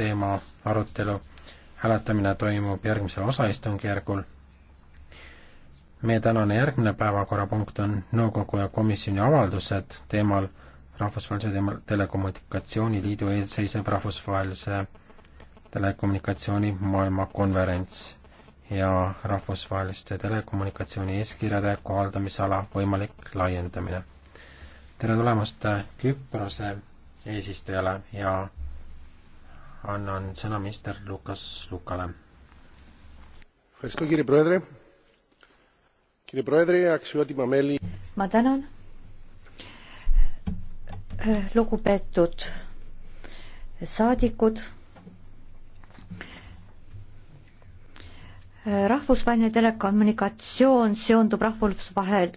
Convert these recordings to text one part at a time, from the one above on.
teema arutelu. hääletamine toimub järgmisel osaistungjärgul. meie tänane järgmine päevakorrapunkt on nõukogu ja komisjoni avaldused teemal Rahvusvahelise Telekommunikatsiooniliidu eelseisev rahvusvahelise telekommunikatsiooni maailmakonverents ja rahvusvaheliste telekommunikatsiooni eeskirjade kohaldamisala võimalik laiendamine. tere tulemast Küprose eesistujale ja annan sõna minister Lukas Lukale. ma tänan. lugupeetud saadikud. rahvusvaheline telekommunikatsioon seondub rahvusvahel,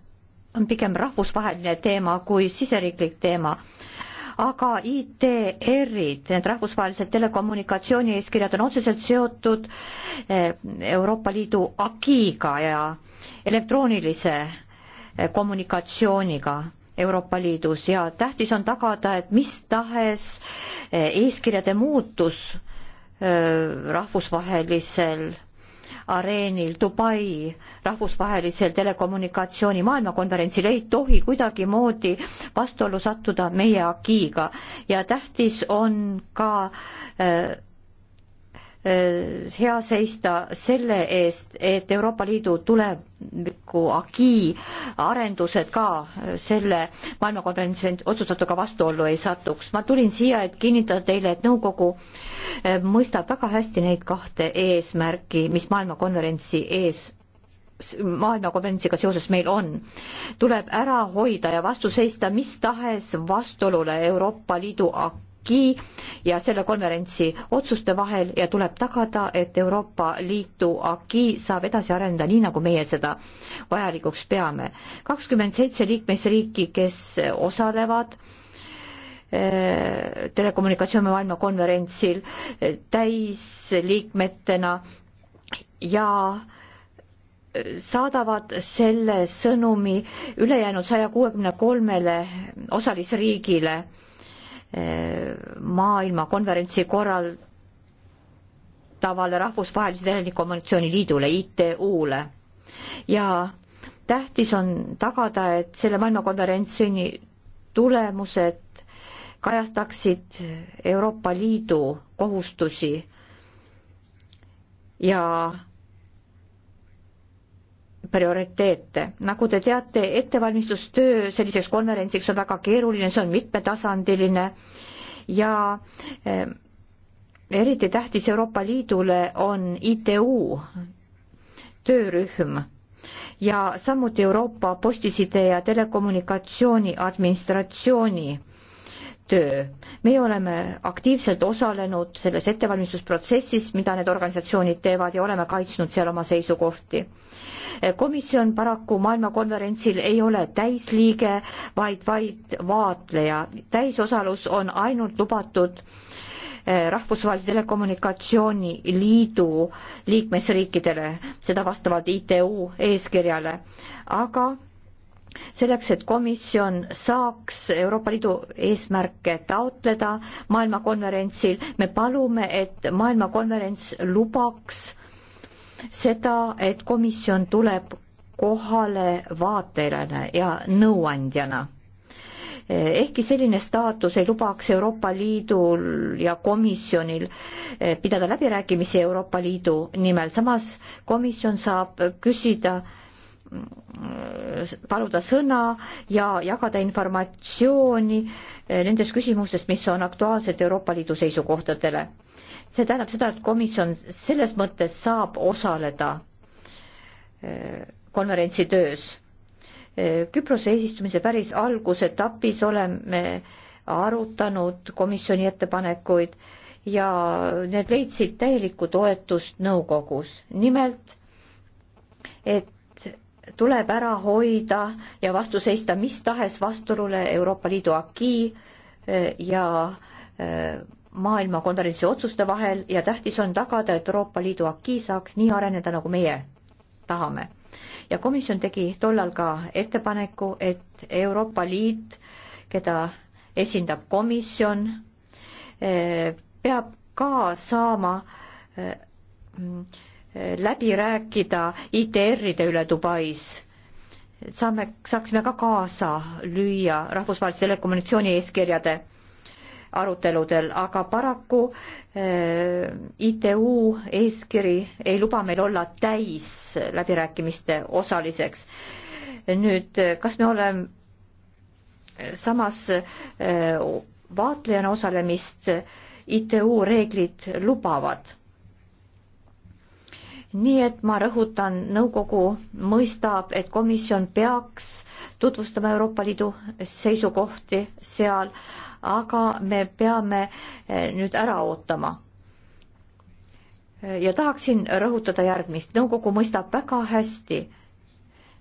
on pigem rahvusvaheline teema kui siseriiklik teema aga ITR-id, need rahvusvahelised telekommunikatsioonieeskirjad on otseselt seotud eh, Euroopa Liidu agiga ja elektroonilise eh, kommunikatsiooniga Euroopa Liidus ja tähtis on tagada, et mis tahes eh, eeskirjade muutus rahvusvahelisel areenil Dubai rahvusvahelisel telekommunikatsiooni maailmakonverentsil ei tohi kuidagimoodi vastuollu sattuda meie agiiga ja tähtis on ka äh, Eh, hea seista selle eest, et Euroopa Liidu tuleviku agi arendused ka eh, selle maailmakonverentsi otsustatuga vastuollu ei satuks. ma tulin siia, et kinnitada teile, et nõukogu eh, mõistab väga hästi neid kahte eesmärki, mis maailmakonverentsi ees maailmakonverentsiga seoses meil on, tuleb ära hoida ja vastu seista mis tahes vastuolule Euroopa Liidu acquis ja selle konverentsi otsuste vahel ja tuleb tagada, et Euroopa Liidu acquis saab edasi areneda nii, nagu meie seda vajalikuks peame. kakskümmend seitse liikmesriiki, kes osalevad eh, telekommunikatsiooni maailma konverentsil eh, täisliikmetena ja eh, saadavad selle sõnumi ülejäänud saja kuuekümne kolmele osalisriigile maailmakonverentsi korraldavale Rahvusvahelise Telekommunikatsiooni Liidule, ITU-le. ja tähtis on tagada, et selle maailmakonverentsini tulemused kajastaksid Euroopa Liidu kohustusi ja prioriteete. nagu te teate, ettevalmistustöö selliseks konverentsiks on väga keeruline, see on mitmetasandiline ja eh, eriti tähtis Euroopa Liidule on ITU töörühm ja samuti Euroopa Postiside ja Telekommunikatsiooni Administratsiooni töö. meie oleme aktiivselt osalenud selles ettevalmistusprotsessis, mida need organisatsioonid teevad ja oleme kaitsnud seal oma seisukohti. komisjon paraku maailmakonverentsil ei ole täisliige, vaid vaid vaatleja. täisosalus on ainult lubatud eh, Rahvusvahelise Telekommunikatsiooni Liidu liikmesriikidele, seda vastavalt ITU eeskirjale, aga selleks, et komisjon saaks Euroopa Liidu eesmärke taotleda maailmakonverentsil, me palume, et maailmakonverents lubaks seda, et komisjon tuleb kohale vaatajana ja nõuandjana. ehkki selline staatus ei lubaks Euroopa Liidul ja komisjonil eh, pidada läbirääkimisi Euroopa Liidu nimel, samas komisjon saab küsida äh, paluda sõna ja jagada informatsiooni eh, nendes küsimustes, mis on aktuaalsed Euroopa Liidu seisukohtadele. see tähendab seda, et komisjon selles mõttes saab osaleda eh, konverentsi töös. Eh, Küprose eesistumise päris algusetapis oleme arutanud komisjoni ettepanekuid ja need leidsid täielikku toetust nõukogus. nimelt, et tuleb ära hoida ja vastu seista mis tahes vastuolule Euroopa Liidu aki eh, ja eh, maailmakonverentsi otsuste vahel ja tähtis on tagada, et Euroopa Liidu aki saaks nii areneda, nagu meie tahame. ja komisjon tegi tollal ka ettepaneku, et Euroopa Liit, keda esindab komisjon, eh, peab ka saama läbi rääkida ITR-ide üle Dubais. saame, saaksime ka kaasa lüüa rahvusvahelise telekommunikatsiooni eeskirjade aruteludel, aga paraku äh, ITU eeskiri ei luba meil olla täis läbirääkimiste osaliseks. nüüd, kas me oleme samas äh, vaatlejana osalemist ITU reeglid lubavad nii et ma rõhutan, nõukogu mõistab, et komisjon peaks tutvustama Euroopa Liidu seisukohti seal, aga me peame eh, nüüd ära ootama. ja tahaksin rõhutada järgmist, nõukogu mõistab väga hästi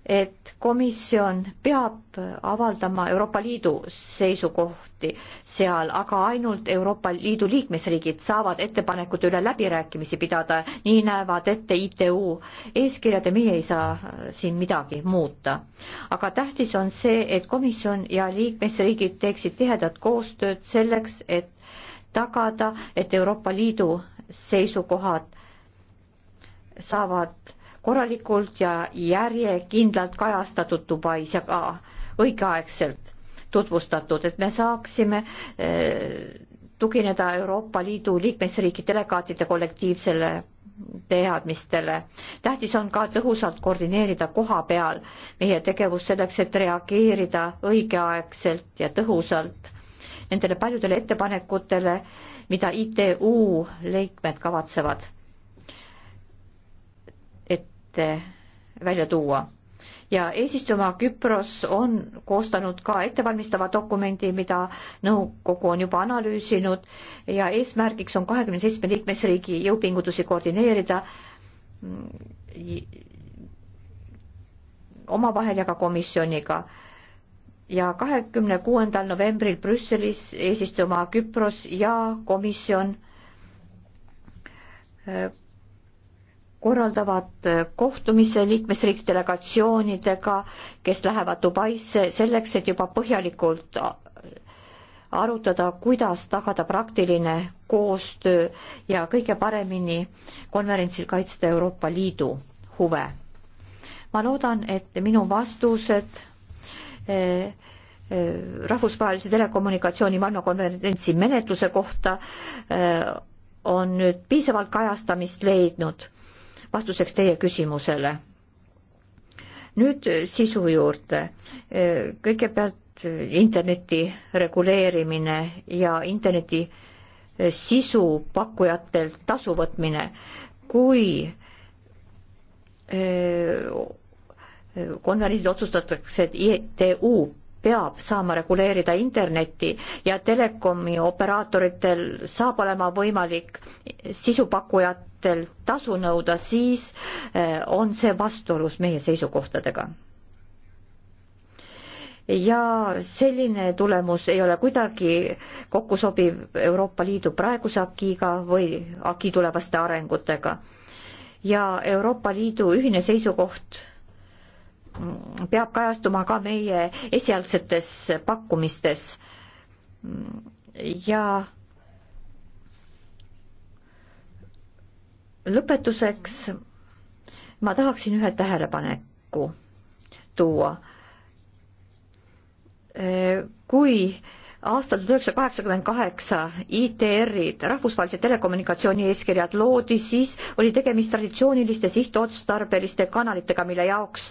et komisjon peab avaldama Euroopa Liidu seisukohti seal, aga ainult Euroopa Liidu liikmesriigid saavad ettepanekute üle läbirääkimisi pidada, nii näevad ette ITU eeskirjad ja meie ei saa siin midagi muuta. aga tähtis on see, et komisjon ja liikmesriigid teeksid tihedat koostööd selleks, et tagada, et Euroopa Liidu seisukohad saavad korralikult ja järjekindlalt kajastatud Dubais ja ka õigeaegselt tutvustatud, et me saaksime eh, tugineda Euroopa Liidu liikmesriigi delegaatide kollektiivsele teadmistele. tähtis on ka tõhusalt koordineerida koha peal meie tegevust selleks, et reageerida õigeaegselt ja tõhusalt nendele paljudele ettepanekutele, mida ITU liikmed kavatsevad ette välja tuua. ja eesistumaa Küpros on koostanud ka ettevalmistava dokumendi, mida nõukogu on juba analüüsinud ja eesmärgiks on kahekümne seitsme liikmesriigi jõupingutusi koordineerida mm, omavahel ja ka komisjoniga. ja kahekümne kuuendal novembril Brüsselis eesistuja Küpros ja komisjon äh, korraldavad kohtumise liikmesriigi delegatsioonidega, kes lähevad Dubaisse selleks, et juba põhjalikult arutada, kuidas tagada praktiline koostöö ja kõige paremini konverentsil kaitsta Euroopa Liidu huve. ma loodan, et minu vastused eh, eh, rahvusvahelise telekommunikatsiooni maailmakonverentsi menetluse kohta eh, on nüüd piisavalt kajastamist leidnud vastuseks teie küsimusele. nüüd sisu juurde. kõigepealt interneti reguleerimine ja interneti sisu pakkujatelt tasu võtmine. kui eh, konverentsil otsustatakse, et ITU peab saama reguleerida Internetti ja telekomi operaatoritel saab olema võimalik sisupakkujat liikmetel tasu nõuda, siis eh, on see vastuolus meie seisukohtadega. ja selline tulemus ei ole kuidagi kokku sobiv Euroopa Liidu praeguse akiiga või aki tulevaste arengutega. ja Euroopa Liidu ühine seisukoht mm, peab kajastuma ka meie esialgsetes pakkumistes mm, ja lõpetuseks ma tahaksin ühe tähelepaneku tuua. kui aastal tuhat üheksasada kaheksakümmend kaheksa ITR-id, rahvusvahelise telekommunikatsiooni eeskirjad loodi, siis oli tegemist traditsiooniliste sihtotstarbeliste kanalitega, mille jaoks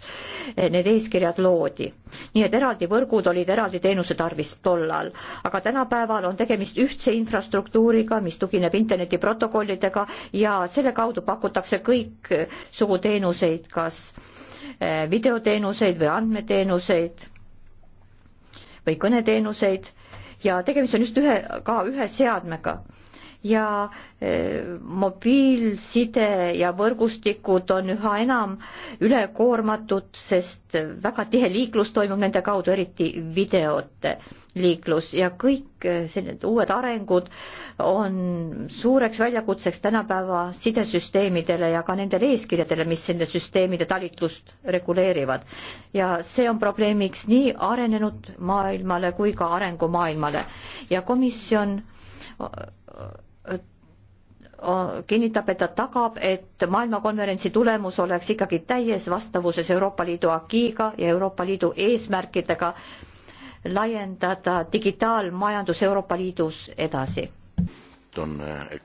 eh, need eeskirjad loodi. nii et eraldi võrgud olid eraldi teenuse tarvis tollal, aga tänapäeval on tegemist ühtse infrastruktuuriga, mis tugineb internetiprotokollidega ja selle kaudu pakutakse kõiksugu eh, teenuseid, kas eh, videoteenuseid või andmeteenuseid või kõneteenuseid ja tegemist on just ühe, ka ühe seadmega ja e, mobiilside ja võrgustikud on üha enam ülekoormatud, sest väga tihe liiklus toimub nende kaudu, eriti videote liiklus ja kõik e, sellised uued arengud on suureks väljakutseks tänapäeva sidesüsteemidele ja ka nendele eeskirjadele, mis nende süsteemide talitlust reguleerivad. ja see on probleemiks nii arenenud maailmale kui ka arengumaailmale ja komisjon kinnitab, et ta tagab, et maailmakonverentsi tulemus oleks ikkagi täies vastavuses Euroopa Liidu agiiga ja Euroopa Liidu eesmärkidega laiendada digitaalmajandus Euroopa Liidus edasi. Eh,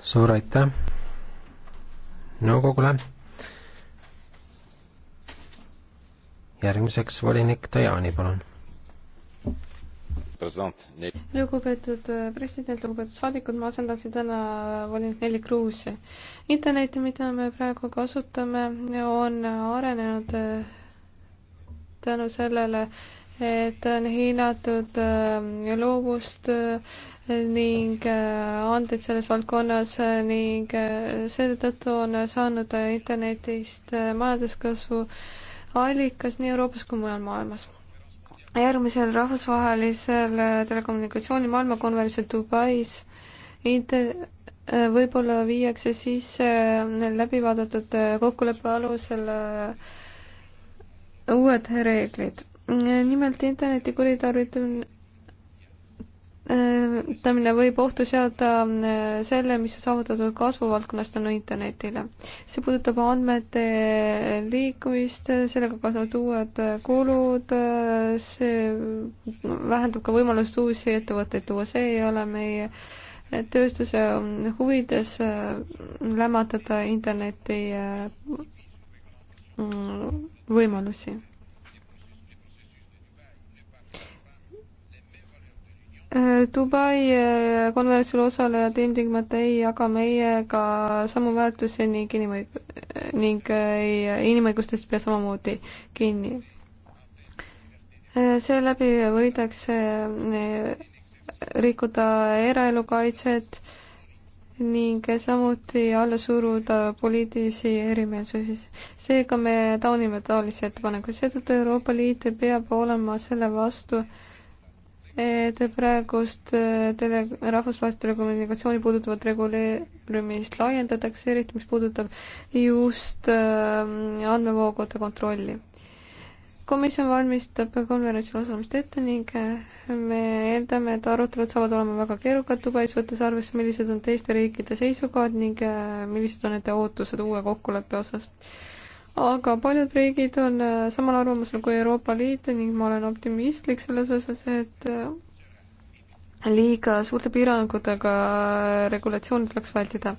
suur aitäh nõukogule. järgmiseks volinik Tajani, palun lugupeetud äh, president, lugupeetud saadikud, ma asendasin täna volinik Nelli Kruusi. internet, mida me praegu kasutame, on arenenud äh, tänu sellele, et on hinnatud äh, loovust ning andeid selles valdkonnas ning seetõttu on saanud internetist majanduskasvu allikas nii Euroopas kui mujal maailmas järgmisel rahvusvahelisel äh, telekommunikatsiooni maailmakonverentsil Dubais inter-, äh, võib-olla viiakse sisse äh, läbivaadatud kokkuleppe alusel uued reeglid. nimelt interneti kuritarvitamine kasutamine võib ohtu seada äh, selle, mis on saavutatud kasvuvaldkonnast tänu internetile. see puudutab andmete liikumist, sellega kaasnevad uued kulud, äh, see vähendab ka võimalust uusi ettevõtteid tuua, see ei ole meie tööstuse äh, huvides lämmatada interneti mm, võimalusi Dubai eh, konverentsil osalejad ilmtingimata ei jaga meiega samu väärtusi ning inimõig-, ning eh, inimõigustest pea samamoodi kinni. Eh, seeläbi võidakse rikkuda eraelu kaitset ning samuti alla suruda poliitilisi erimeelsusi. seega me taunime taolisi ettepanekuid, seetõttu Euroopa Liit peab olema selle vastu äh, Te praegust äh, tele, rahvusvahelist telekommunikatsiooni puudutavat reguleerimist laiendatakse, eriti mis puudutab just äh, andmevoogude kontrolli. komisjon valmistab konverentsil osalemist ette ning äh, me eeldame, et arutelud saavad olema väga keerukad Dubais, võttes arvesse, millised on teiste riikide seisukohad ning millised on nende ootused uue kokkuleppe osas aga paljud riigid on äh, samal arvamusel kui Euroopa Liit ning ma olen optimistlik selles osas, et äh, liiga suurte piirangutega äh, regulatsioone tuleks vältida.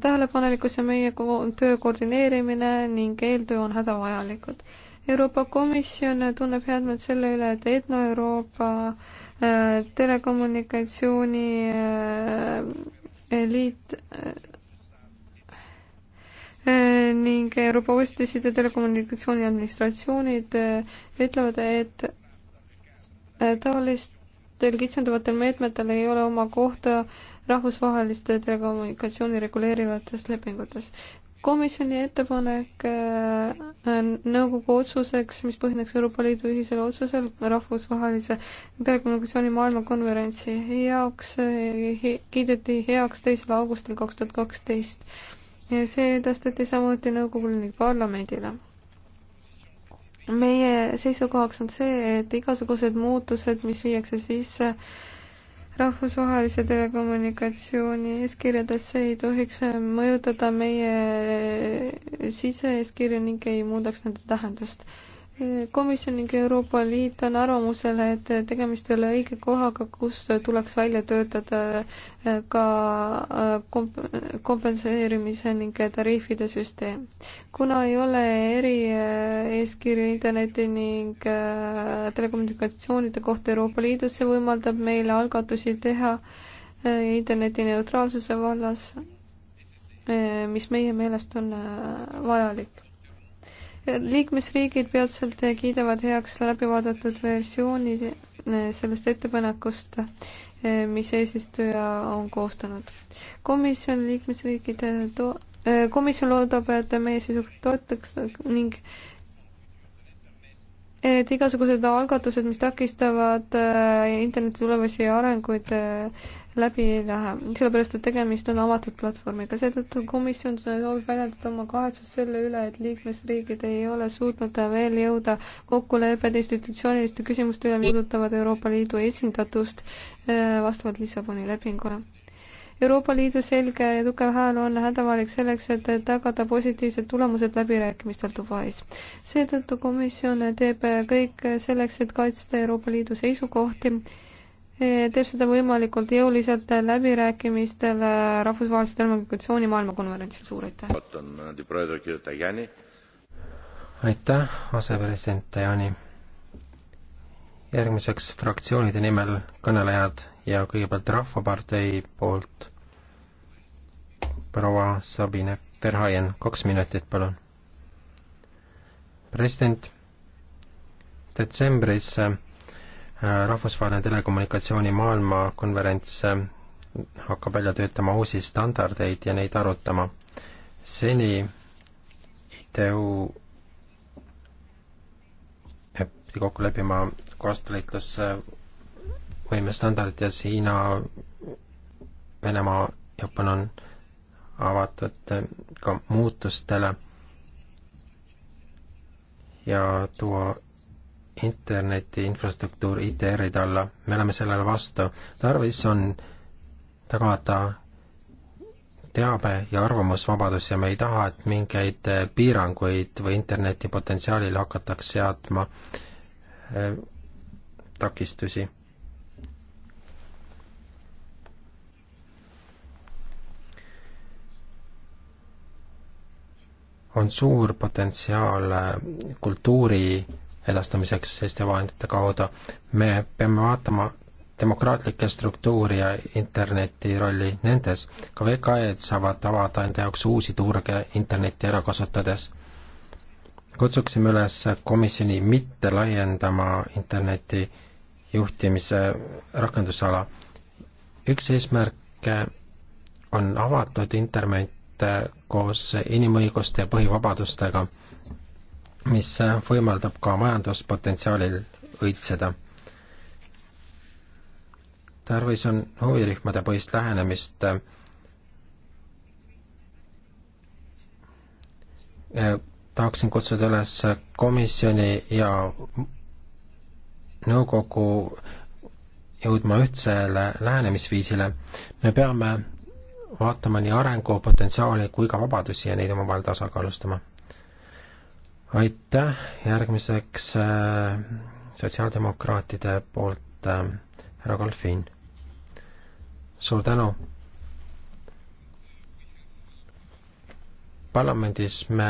tähelepanelikkus ja meie töö koordineerimine ning eeltöö on hädavajalikud Euroopa Komisjon tunneb headmeelt selle üle, et Etno-Euroopa telekommunikatsiooni liit Euroopa Ostiside Telekommunikatsiooni administratsioonid eh, ütlevad, et eh, taolistel kitsendavatel meetmetel ei ole oma kohta rahvusvaheliste telekommunikatsiooni reguleerivates lepingutes. komisjoni ettepanek eh, nõukogu otsuseks, mis põhineks Euroopa Liidu ühisel otsusel rahvusvahelise telekommunikatsiooni maailmakonverentsi jaoks, kiideti heaks teisel augustil kaks tuhat kaksteist ja see edastati samuti nõukogule ning parlamendile. meie seisukohaks on see, et igasugused muutused, mis viiakse sisse rahvusvahelise telekommunikatsiooni eeskirjadesse, ei tohiks mõjutada meie sise-eeskirju ning ei muudaks nende tähendust komisjon ning Euroopa Liit on arvamusel, et tegemist ei ole õige kohaga, kus tuleks välja töötada äh, ka äh, komp-, kompenseerimise ning tariifide süsteem. kuna ei ole erieeskirju äh, interneti ning telekommunikatsioonide kohta Euroopa Liidus, see võimaldab meile algatusi teha interneti neutraalsuse vallas, mis meie meelest on vajalik liikmesriigid peatselt kiidavad heaks läbivaadatud versiooni sellest ettepanekust, mis eesistuja on koostanud. komisjoni liikmesriikide to-, äh, komisjon loodab, et meie sisuliselt toetaks ning et igasugused algatused, mis takistavad äh, interneti tulevasi arenguid, äh, läbi ei lähe, sellepärast et tegemist on avatud platvormiga, seetõttu komisjon soovib väljendada oma kahetsust selle üle, et liikmesriigid ei ole suutnud veel jõuda kokkulepped institutsiooniliste küsimuste üle, mis puudutavad Euroopa Liidu esindatust äh, vastavalt Lissaboni lepingule. Euroopa Liidu selge ja tugev hääl on hädavajalik selleks, et tagada positiivsed tulemused läbirääkimistel Dubais. seetõttu komisjon teeb kõik selleks, et kaitsta Euroopa Liidu seisukohti Eh, teeb seda võimalikult jõuliselt läbirääkimistel eh, rahvusvahelise telekommunikatsiooni maailmakonverentsil, suur aitäh! Eh, aitäh, asepresident Tajani! järgmiseks fraktsioonide nimel kõnelejad ja kõigepealt Rahvapartei poolt proua Sabine Verhaien, kaks minutit, palun. president, detsembris rahvusvaheline telekommunikatsiooni maailmakonverents eh, hakkab välja töötama uusi standardeid ja neid arutama. seni ITU pidi kokku leppima koostööliitlusvõime standardides Hiina, Venemaa, Jaapan on avatud eh, ka muutustele ja tuua interneti infrastruktuur ITR-id alla, me oleme sellele vastu. tarvis on tagada teabe- ja arvamusvabadus ja me ei taha, et mingeid piiranguid või interneti potentsiaalile hakataks seadma äh, takistusi. on suur potentsiaal eh, kultuuri edastamiseks Eesti vahendite kaudu. me peame vaatama demokraatlikke struktuuri ja interneti rolli nendes. ka VKE-d saavad avada enda jaoks uusi turge internetti ära kasutades. kutsuksime üles komisjoni mitte laiendama interneti juhtimise rakendusala. üks eesmärke on avatud internet koos inimõiguste ja põhivabadustega mis võimaldab ka majanduspotentsiaalil õitseda. tarvis on huvirühmade põhist lähenemist äh, tahaksin kutsuda üles komisjoni ja nõukogu jõudma ühtsele lähenemisviisile. me peame vaatama nii arengupotentsiaali kui ka vabadusi ja neid omavahel tasakaalustama aitäh, järgmiseks äh, sotsiaaldemokraatide poolt äh, härra Golfin. suur tänu. parlamendis me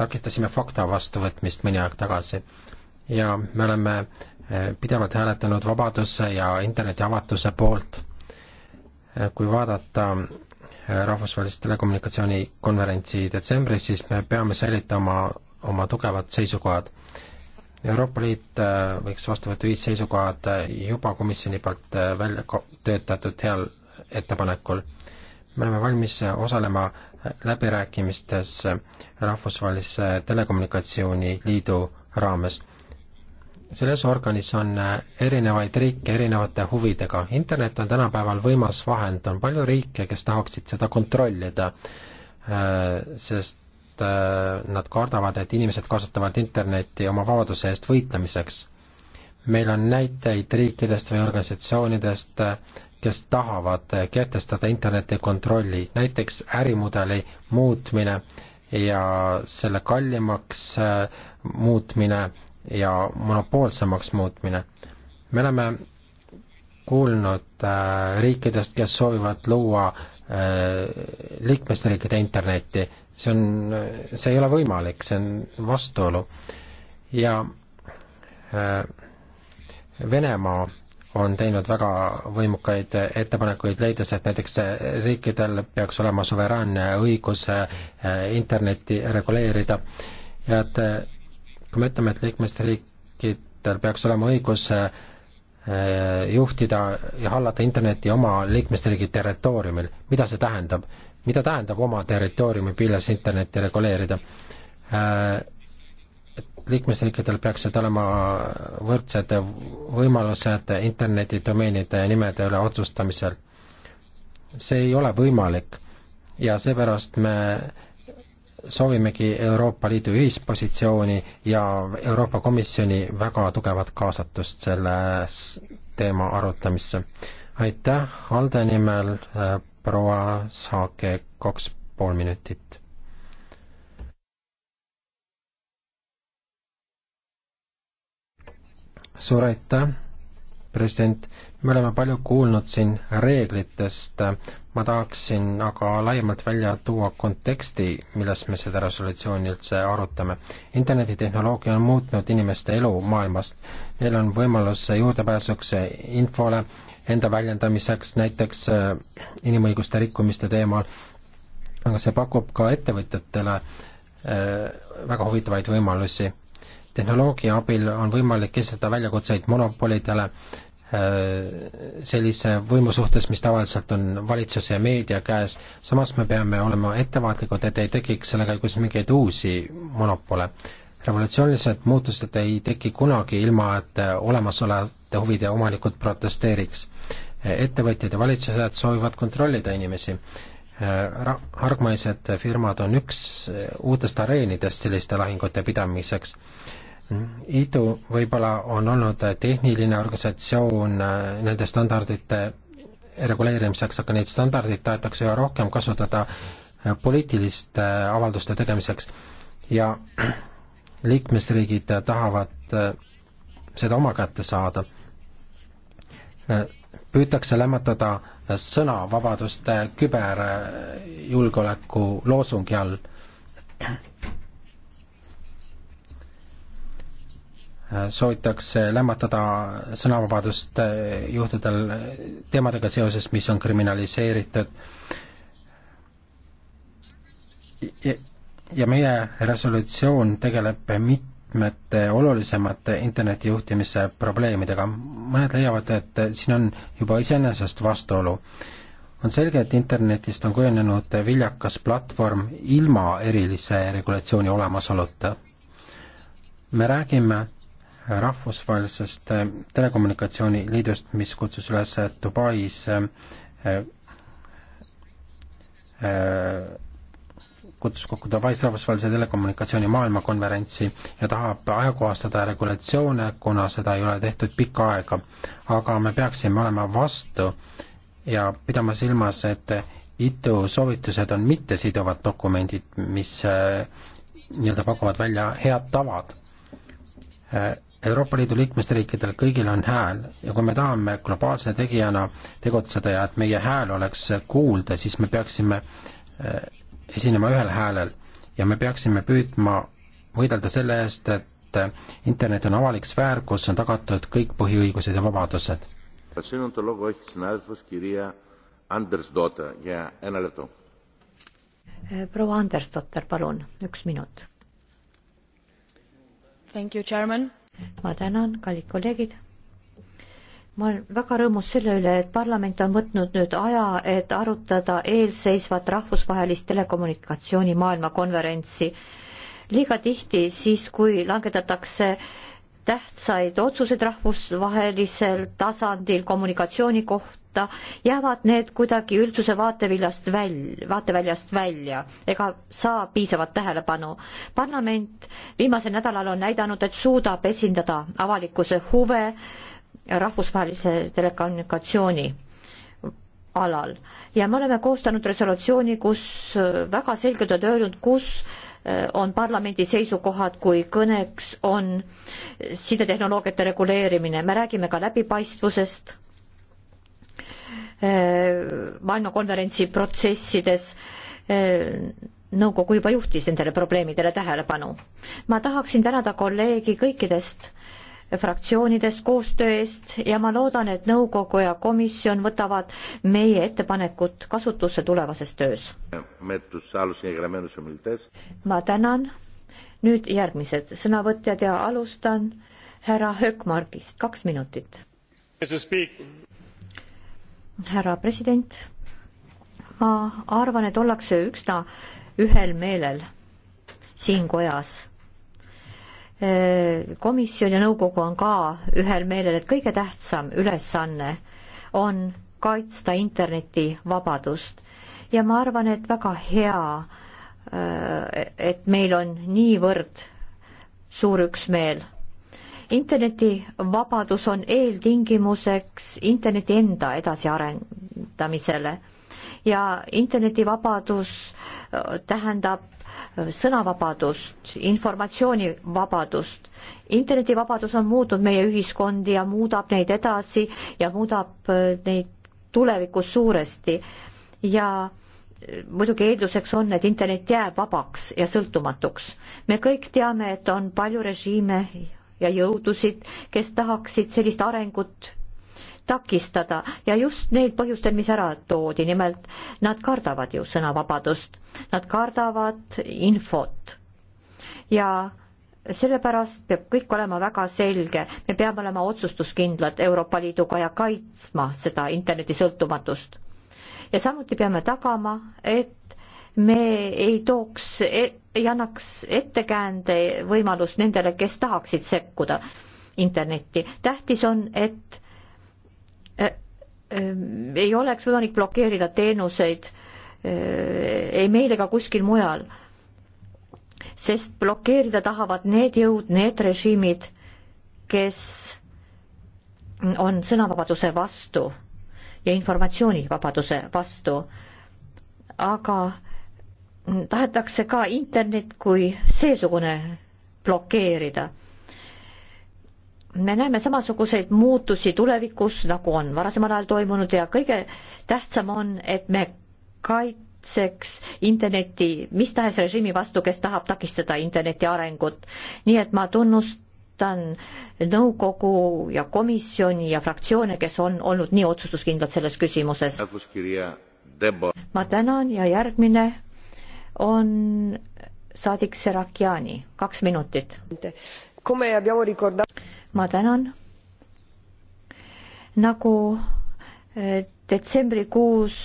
takistasime fakta vastuvõtmist mõni aeg tagasi ja me oleme äh, pidevalt hääletanud vabaduse ja interneti avatuse poolt. Äh, kui vaadata rahvusvahelise telekommunikatsioonikonverentsi detsembris, siis me peame säilitama oma tugevad seisukohad. Euroopa Liit äh, võiks vastu võtta ühisseisukohad juba komisjoni poolt äh, välja töötatud heal ettepanekul. me oleme valmis äh, osalema läbirääkimistes Rahvusvahelise Telekommunikatsiooni Liidu raames selles organis on äh, erinevaid riike erinevate huvidega. internet on tänapäeval võimas vahend, on palju riike, kes tahaksid seda kontrollida, äh, sest äh, nad kardavad, et inimesed kasutavad internetti oma vabaduse eest võitlemiseks. meil on näiteid riikidest või organisatsioonidest, kes tahavad kehtestada interneti kontrolli, näiteks ärimudeli muutmine ja selle kallimaks muutmine ja monopoolsemaks muutmine. me oleme kuulnud äh, riikidest, kes soovivad luua äh, liikmesriikide internetti, see on, äh, see ei ole võimalik, see on vastuolu. ja Venemaa on teinud väga võimukaid ettepanekuid, leides, et näiteks riikidel peaks olema suveräänne õigus internetti reguleerida ja et kui me ütleme, et liikmesriikidel peaks olema õigus eh, juhtida ja hallata Internetti oma liikmesriigi territooriumil, mida see tähendab? mida tähendab oma territooriumi piires Internetti reguleerida? Eh, et liikmesriikidel peaksid olema võrdsed võimalused internetidomeenide ja nimede üle otsustamisel. see ei ole võimalik ja seepärast me soovimegi Euroopa Liidu ühispositsiooni ja Euroopa Komisjoni väga tugevat kaasatust selle teema arutamisse. aitäh, Alde nimel äh, proua Saake, kaks pool minutit. suur aitäh president, me oleme palju kuulnud siin reeglitest, ma tahaksin aga laiemalt välja tuua konteksti, milles me seda resolutsiooni üldse arutame. internetitehnoloogia on muutnud inimeste elu maailmast, neil on võimalus juurdepääsuks infole, enda väljendamiseks näiteks äh, inimõiguste rikkumiste teemal, aga see pakub ka ettevõtjatele äh, väga huvitavaid võimalusi tehnoloogia abil on võimalik esitada väljakutseid monopolidele äh, sellise võimu suhtes, mis tavaliselt on valitsuse ja meedia käes, samas me peame olema ettevaatlikud, et ei tekiks selle käigus mingeid uusi monopole. revolutsioonilised muutused ei teki kunagi ilma, et olemasolevate huvide omanikud protesteeriks. ettevõtjad ja valitsused soovivad kontrollida inimesi äh, ra-, hargmaised firmad on üks uutest areenidest selliste lahingute pidamiseks. IDU võib-olla on olnud tehniline organisatsioon äh, nende standardite reguleerimiseks, aga neid standardeid tahetakse üha rohkem kasutada äh, poliitiliste äh, avalduste tegemiseks ja liikmesriigid tahavad seda oma kätte saada. püütakse lämmatada sõnavabadust küberjulgeoleku loosungi all soovitakse lämmatada sõnavabadust äh, juhtudel äh, teemadega seoses, mis on kriminaliseeritud. ja meie resolutsioon tegeleb mitmete olulisemate interneti juhtimise probleemidega. mõned leiavad, et siin on juba iseenesest vastuolu. on selge, et internetist on kujunenud viljakas platvorm ilma erilise regulatsiooni olemasoluta. me räägime rahvusvahelisest äh, telekommunikatsiooni liidust, mis kutsus üles äh, Dubais äh, kutsus kokku Dubais rahvusvahelise telekommunikatsiooni maailmakonverentsi ja tahab ajakohastada regulatsioone, kuna seda ei ole tehtud pikka aega. aga me peaksime olema vastu ja pidama silmas, et ITU soovitused on mittesiduvad dokumendid, mis nii-öelda pakuvad välja head tavad Euroopa Liidu liikmesriikidel kõigil on hääl ja kui me tahame globaalse tegijana tegutseda ja et meie hääl oleks kuulda, siis me peaksime äh, esinema ühel häälel ja me peaksime püüdma võidelda selle eest, et äh, internet on avalik sfäär, kus on tagatud kõik põhiõigused ja vabadused. proua Andersdotter, palun, üks minut. Thank you, chairman ma tänan, kallid kolleegid. ma olen väga rõõmus selle üle, et parlament on võtnud nüüd aja, et arutada eelseisvat rahvusvahelist telekommunikatsiooni maailmakonverentsi. liiga tihti siis, kui langetatakse tähtsaid otsuseid rahvusvahelisel tasandil kommunikatsiooni kohta, võtta, jäävad need kuidagi üldsuse vaateviljast väl-, vaateväljast välja ega saa piisavat tähelepanu. parlament viimasel nädalal on näidanud, et suudab esindada avalikkuse huve rahvusvahelise telekommunikatsiooni alal ja me oleme koostanud resolutsiooni, kus äh, väga selgelt on öelnud, kus äh, on parlamendi seisukohad, kui kõneks on äh, sidetehnoloogiate reguleerimine, me räägime ka läbipaistvusest Äh, maailmakonverentsi protsessides äh, nõukogu juba juhtis nendele probleemidele tähelepanu. ma tahaksin tänada kolleegi kõikidest fraktsioonidest koostöö eest ja ma loodan, et nõukogu ja komisjon võtavad meie ettepanekud kasutusse tulevases töös. ma tänan. nüüd järgmised sõnavõtjad ja alustan härra Höökmargist, kaks minutit härra president, ma arvan, et ollakse üsna ühel meelel siin kojas. komisjon ja nõukogu on ka ühel meelel, et kõige tähtsam ülesanne on kaitsta internetivabadust ja ma arvan, et väga hea, et meil on niivõrd suur üksmeel internetivabadus on eeltingimuseks interneti enda edasiarendamisele ja internetivabadus äh, tähendab äh, sõnavabadust, informatsioonivabadust. internetivabadus on muutnud meie ühiskondi ja muudab neid edasi ja muudab äh, neid tulevikus suuresti ja muidugi eelduseks on, et internet jääb vabaks ja sõltumatuks. me kõik teame, et on palju režiime ja jõudusid, kes tahaksid sellist arengut takistada ja just neil põhjustel, mis ära toodi, nimelt nad kardavad ju sõnavabadust, nad kardavad infot ja sellepärast peab kõik olema väga selge, me peame olema otsustuskindlad Euroopa Liiduga ja kaitsma seda interneti sõltumatust. ja samuti peame tagama, et me ei tooks, e, ei annaks ettekäände võimalust nendele, kes tahaksid sekkuda internetti. tähtis on, et e, e, ei oleks võimalik blokeerida teenuseid ei meil ega kuskil mujal. sest blokeerida tahavad need jõud, need režiimid, kes on sõnavabaduse vastu ja informatsioonivabaduse vastu. aga tahetakse ka internet kui seesugune blokeerida. me näeme samasuguseid muutusi tulevikus, nagu on varasemal ajal toimunud ja kõige tähtsam on, et me kaitseks interneti mis tahes režiimi vastu, kes tahab takistada interneti arengut. nii et ma tunnustan nõukogu ja komisjoni ja fraktsioone, kes on olnud nii otsustuskindlad selles küsimuses. ma tänan ja järgmine on saadik Serakiani, kaks minutit. ma tänan. nagu eh, detsembrikuus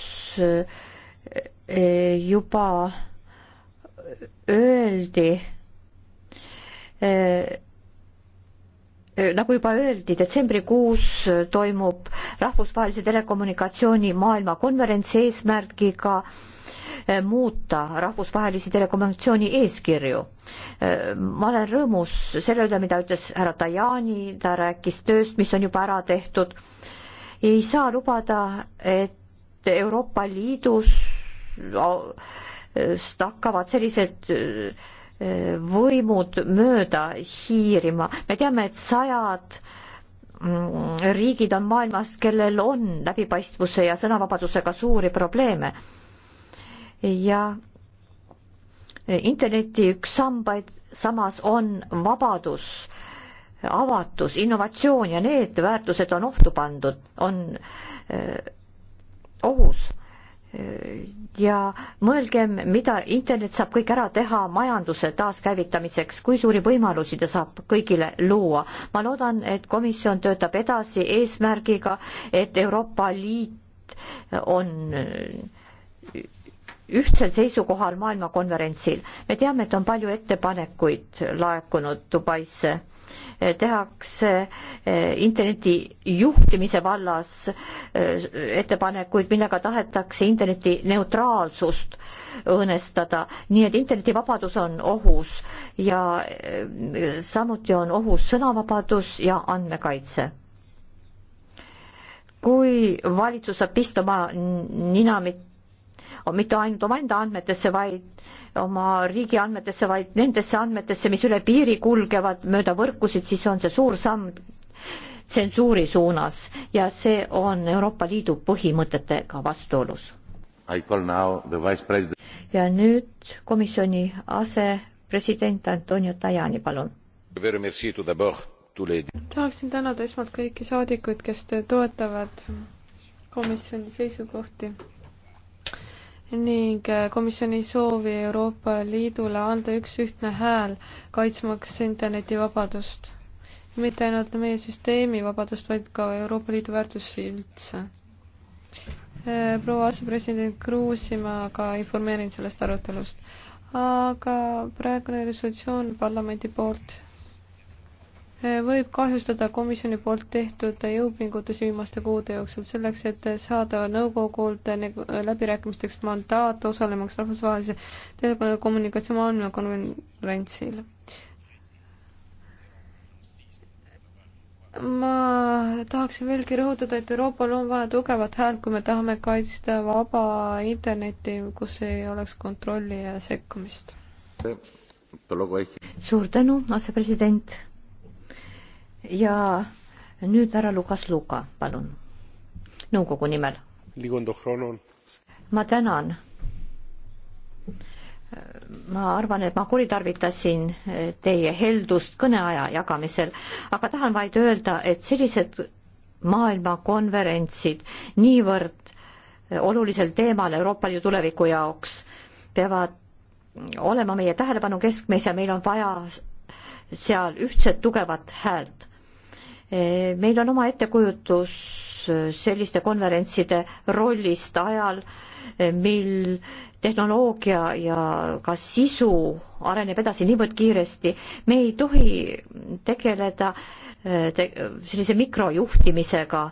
eh, juba eh, öeldi, nagu juba öeldi, detsembrikuus toimub rahvusvahelise telekommunikatsiooni maailmakonverents eesmärgiga äh, Eh, muuta rahvusvahelisi telekommunikatsiooni eeskirju. Eh, ma olen rõõmus selle üle, mida ütles härra Tajani, ta rääkis tööst, mis on juba ära tehtud. ei saa lubada, et Euroopa Liidus hakkavad eh, sellised võimud mööda hiirima. me teame, et sajad mm, riigid on maailmas, kellel on läbipaistvuse ja sõnavabadusega suuri probleeme ja interneti üks sambaid samas on vabadus, avatus, innovatsioon ja need väärtused on ohtu pandud, on eh, ohus. Eh, ja mõelgem, mida internet saab kõik ära teha majanduse taaskäivitamiseks, kui suuri võimalusi ta saab kõigile luua. ma loodan, et komisjon töötab edasi eesmärgiga, et Euroopa Liit on eh, ühtsel seisukohal maailmakonverentsil. me teame, et on palju ettepanekuid laekunud Dubaisse, tehakse eh, interneti juhtimise vallas eh, ettepanekuid, millega tahetakse interneti neutraalsust õõnestada, nii et internetivabadus on ohus ja eh, samuti on ohus sõnavabadus ja andmekaitse kui valitsus saab pista oma ninamit mitte ainult omaenda andmetesse, vaid oma riigi andmetesse, vaid nendesse andmetesse, mis üle piiri kulgevad mööda võrkusid, siis on see suur samm tsensuuri suunas ja see on Euroopa Liidu põhimõtetega vastuolus. ja nüüd komisjoni asepresident Antonio Tajani, palun. tahaksin tänada esmalt kõiki saadikuid, kes toetavad komisjoni seisukohti ning äh, komisjoni soovi Euroopa Liidule anda üks ühtne hääl, kaitsmaks internetivabadust. mitte ainult meie süsteemi vabadust, vaid ka Euroopa Liidu väärtusi üldse. Äh, proua asepresident Kruusimaaga informeerin sellest arutelust. aga praegune resolutsioon parlamendi poolt võib kahjustada komisjoni poolt tehtud jõupingutusi viimaste kuude jooksul selleks, et saada nõukogult läbirääkimisteks mandaat osalemaks rahvusvahelise telekommunikatsiooni andmekonverentsil. ma tahaksin veelgi rõhutada, et Euroopal on vaja tugevat häält, kui me tahame kaitsta vaba internetti, kus ei oleks kontrolli ja sekkumist. suur tänu, asepresident ja nüüd härra Lukas Luka, palun, nõukogu nimel. ma tänan. ma arvan, et ma kuritarvitasin teie heldust kõneaja jagamisel, aga tahan vaid öelda, et sellised maailmakonverentsid niivõrd olulisel teemal Euroopa Liidu tuleviku jaoks peavad olema meie tähelepanu keskmes ja meil on vaja seal ühtset tugevat häält meil on oma ettekujutus selliste konverentside rollist ajal, mil tehnoloogia ja ka sisu areneb edasi niivõrd kiiresti, me ei tohi tegeleda te, sellise mikrojuhtimisega,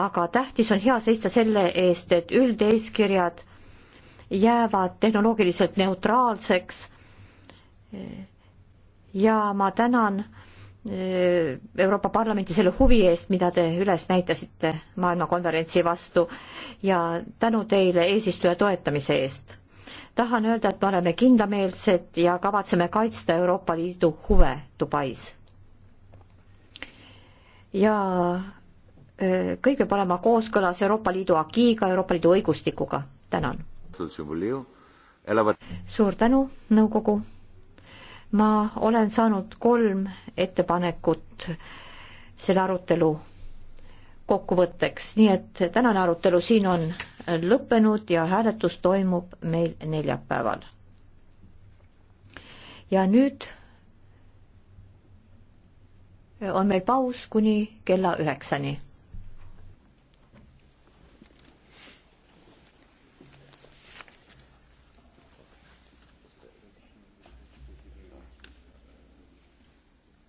aga tähtis on hea seista selle eest, et üldeeskirjad jäävad tehnoloogiliselt neutraalseks. ja ma tänan äh, Euroopa Parlamenti selle huvi eest, mida te üles näitasite maailmakonverentsi vastu ja tänu teile eesistuja toetamise eest. tahan öelda, et me oleme kindlameelsed ja kavatseme kaitsta Euroopa Liidu huve Dubais. ja kõik peab olema kooskõlas Euroopa Liidu agiiga, Euroopa Liidu õigustikuga. tänan. suur tänu, nõukogu ma olen saanud kolm ettepanekut selle arutelu kokkuvõtteks, nii et tänane arutelu siin on lõppenud ja hääletus toimub meil neljapäeval. ja nüüd on meil paus kuni kella üheksani